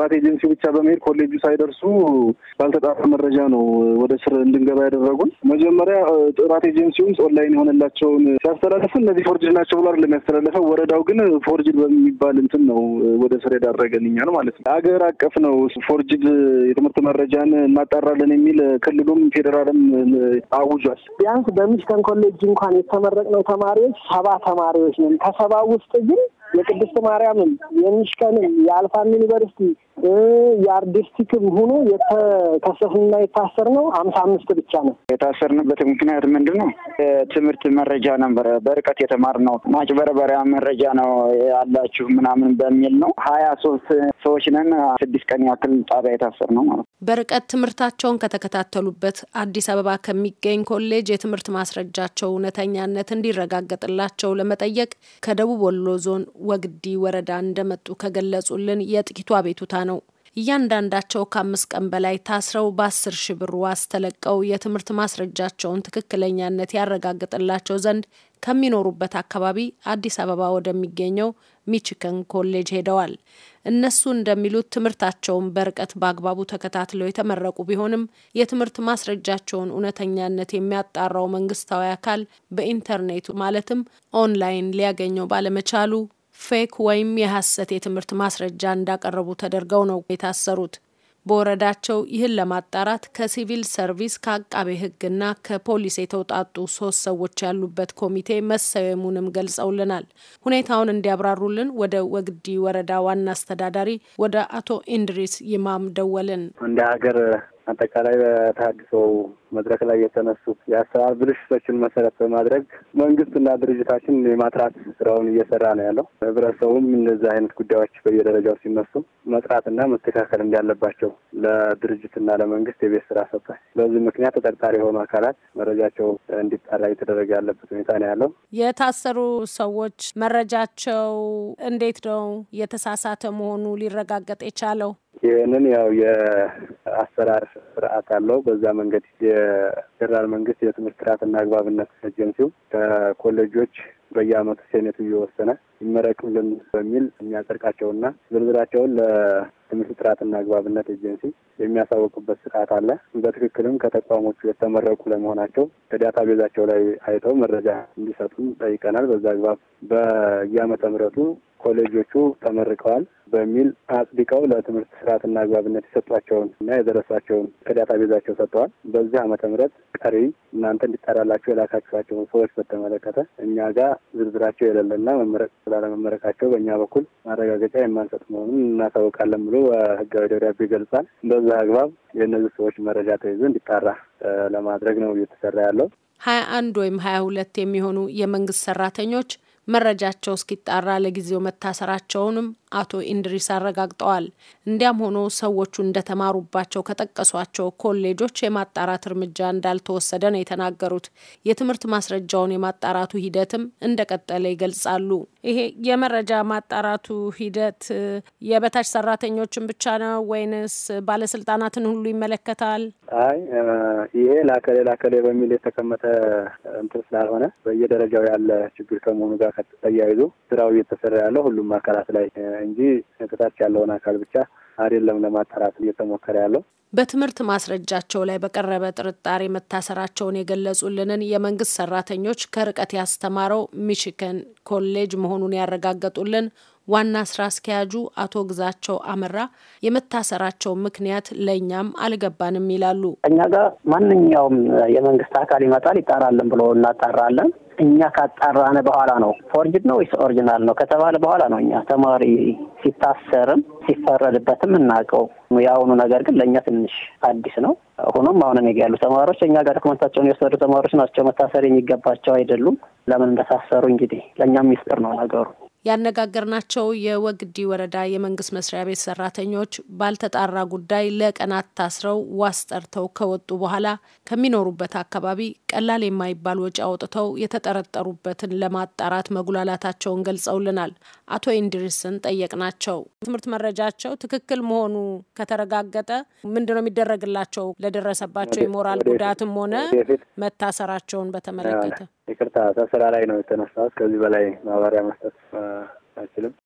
ጥራት ኤጀንሲ ብቻ በመሄድ ኮሌጁ ሳይደርሱ ባልተጣራ መረጃ ነው ወደ ስር እንድንገባ ያደረጉን። መጀመሪያ ጥራት ኤጀንሲውን ኦንላይን የሆነላቸውን ሲያስተላልፉ እነዚህ ፎርጅድ ናቸው ብሎ አይደለም ያስተላለፈው። ወረዳው ግን ፎርጅድ በሚባል እንትን ነው ወደ ስር የዳረገን እኛን ማለት ነው። አገር አቀፍ ነው ፎርጅድ የትምህርት መረጃን እናጣራለን የሚል ክልሉም ፌዴራልም አውጇል። ቢያንስ በሚሽተን ኮሌጅ እንኳን የተመረቅነው ተማሪዎች ሰባ ተማሪዎች ነን። ከሰባ ውስጥ ግን የቅድስት ማርያምም የሚሽከንም የአልፋም ዩኒቨርሲቲ የአርዲስቲክም ሆኖ የተከሰስንና የታሰር ነው አምሳ አምስት ብቻ ነው። የታሰርንበት ምክንያት ምንድን ነው? የትምህርት መረጃ ነበረ በርቀት የተማርነው ማጭበርበሪያ መረጃ ነው ያላችሁ ምናምን በሚል ነው። ሀያ ሶስት ሰዎች ነን ስድስት ቀን ያክል ጣቢያ የታሰር ነው ማለት ነው። በርቀት ትምህርታቸውን ከተከታተሉበት አዲስ አበባ ከሚገኝ ኮሌጅ የትምህርት ማስረጃቸው እውነተኛነት እንዲረጋገጥላቸው ለመጠየቅ ከደቡብ ወሎ ዞን ወግዲ ወረዳ እንደመጡ ከገለጹልን የጥቂቱ አቤቱታ ነው። እያንዳንዳቸው ከአምስት ቀን በላይ ታስረው በአስር ሺ ብር ዋስ ተለቀው የትምህርት ማስረጃቸውን ትክክለኛነት ያረጋግጥላቸው ዘንድ ከሚኖሩበት አካባቢ አዲስ አበባ ወደሚገኘው ሚችከን ኮሌጅ ሄደዋል። እነሱ እንደሚሉት ትምህርታቸውን በርቀት በአግባቡ ተከታትለው የተመረቁ ቢሆንም የትምህርት ማስረጃቸውን እውነተኛነት የሚያጣራው መንግስታዊ አካል በኢንተርኔቱ ማለትም ኦንላይን ሊያገኘው ባለመቻሉ ፌክ ወይም የሐሰት የትምህርት ማስረጃ እንዳቀረቡ ተደርገው ነው የታሰሩት። በወረዳቸው ይህን ለማጣራት ከሲቪል ሰርቪስ ከአቃቤ ሕግና ከፖሊስ የተውጣጡ ሶስት ሰዎች ያሉበት ኮሚቴ መሰየሙንም ገልጸውልናል። ሁኔታውን እንዲያብራሩልን ወደ ወግዲ ወረዳ ዋና አስተዳዳሪ ወደ አቶ ኢንድሪስ ይማም ደወልን። እንደ ሀገር አጠቃላይ በተሃድሶ መድረክ ላይ የተነሱት የአሰራር ብልሽቶችን መሰረት በማድረግ መንግስትና ድርጅታችን የማጥራት ስራውን እየሰራ ነው ያለው። ህብረተሰቡም እንደዚህ አይነት ጉዳዮች በየደረጃው ሲነሱ መጥራትና መስተካከል እንዳለባቸው ለድርጅትና ለመንግስት የቤት ስራ ሰጥቷል። በዚህ ምክንያት ተጠርጣሪ የሆኑ አካላት መረጃቸው እንዲጣራ እየተደረገ ያለበት ሁኔታ ነው ያለው። የታሰሩ ሰዎች መረጃቸው እንዴት ነው የተሳሳተ መሆኑ ሊረጋገጥ የቻለው? ይህንን ያው የአሰራር ስርዓት አለው። በዛ መንገድ የፌዴራል መንግስት የትምህርት ጥራትና አግባብነት ኤጀንሲው ከኮሌጆች በየአመቱ ሴኔቱ እየወሰነ ይመረቅልን በሚል የሚያጸድቃቸውና ዝርዝራቸውን ለትምህርት ጥራትና አግባብነት ኤጀንሲ የሚያሳወቅበት ስርዓት አለ። በትክክልም ከተቋሞቹ የተመረቁ ለመሆናቸው ከዳታ ቤዛቸው ላይ አይተው መረጃ እንዲሰጡም ጠይቀናል። በዛ አግባብ በየአመተ ምህረቱ ኮሌጆቹ ተመርቀዋል በሚል አጽድቀው ለትምህርት ስርዓትና አግባብነት የሰጧቸውን እና የደረሷቸውን ከዳታ ቤዛቸው ሰጥተዋል። በዚህ ዓመተ ምህረት ቀሪ እናንተ እንዲጠራላቸው የላካችኋቸውን ሰዎች በተመለከተ እኛ ጋር ዝርዝራቸው የሌለና መመረቅ ስላለመመረቃቸው በእኛ በኩል ማረጋገጫ የማንሰጥ መሆኑን እናሳውቃለን ብሎ ህጋዊ ደብዳቤ ይገልጻል። በዛ አግባብ የእነዚህ ሰዎች መረጃ ተይዞ እንዲጣራ ለማድረግ ነው እየተሰራ ያለው። ሀያ አንድ ወይም ሀያ ሁለት የሚሆኑ የመንግስት ሰራተኞች መረጃቸው እስኪጣራ ለጊዜው መታሰራቸውንም አቶ ኢንድሪስ አረጋግጠዋል። እንዲያም ሆኖ ሰዎቹ እንደተማሩባቸው ከጠቀሷቸው ኮሌጆች የማጣራት እርምጃ እንዳልተወሰደ ነው የተናገሩት። የትምህርት ማስረጃውን የማጣራቱ ሂደትም እንደቀጠለ ይገልጻሉ። ይሄ የመረጃ ማጣራቱ ሂደት የበታች ሰራተኞችን ብቻ ነው ወይንስ ባለስልጣናትን ሁሉ ይመለከታል? አይ ይሄ ላከሌ ላከሌ በሚል የተቀመጠ እንትን ስላልሆነ በየደረጃው ያለ ችግር ከመሆኑ ጋር ተያይዞ ስራው እየተሰራ ያለው ሁሉም አካላት ላይ እንጂ ከታች ያለውን አካል ብቻ አይደለም ለማጣራት እየተሞከረ ያለው። በትምህርት ማስረጃቸው ላይ በቀረበ ጥርጣሬ መታሰራቸውን የገለጹልንን የመንግስት ሰራተኞች ከርቀት ያስተማረው ሚሽከን ኮሌጅ መሆኑን ያረጋገጡልን ዋና ስራ አስኪያጁ አቶ ግዛቸው አመራ የመታሰራቸው ምክንያት ለእኛም አልገባንም ይላሉ። እኛ ጋር ማንኛውም የመንግስት አካል ይመጣል ይጣራልን ብሎ እናጣራለን እኛ ካጣራነ በኋላ ነው ፎርጅድ ነው ወይስ ኦሪጂናል ነው ከተባለ በኋላ ነው እኛ ተማሪ ሲታሰርም ሲፈረድበትም እናውቀው። የአሁኑ ነገር ግን ለእኛ ትንሽ አዲስ ነው። ሆኖም አሁን እኔ ጋ ያሉ ተማሪዎች እኛ ጋር ዶክመንታቸውን የወሰዱ ተማሪዎች ናቸው። መታሰር የሚገባቸው አይደሉም። ለምን እንደታሰሩ እንግዲህ ለእኛም ሚስጥር ነው ነገሩ። ያነጋገርናቸው የወግዲ ወረዳ የመንግስት መስሪያ ቤት ሰራተኞች ባልተጣራ ጉዳይ ለቀናት ታስረው ዋስ ጠርተው ከወጡ በኋላ ከሚኖሩበት አካባቢ ቀላል የማይባል ወጪ አውጥተው የተጠረጠሩበትን ለማጣራት መጉላላታቸውን ገልጸውልናል። አቶ ኢንድሪስን ጠየቅናቸው። ትምህርት መረጃቸው ትክክል መሆኑ ከተረጋገጠ ነው የሚደረግላቸው ለደረሰባቸው የሞራል ጉዳትም ሆነ መታሰራቸውን በተመለከተ? ይቅርታ ተስራ ላይ ነው የተነሳሁት። ከዚህ በላይ ማብራሪያ መስጠት Euh, à, à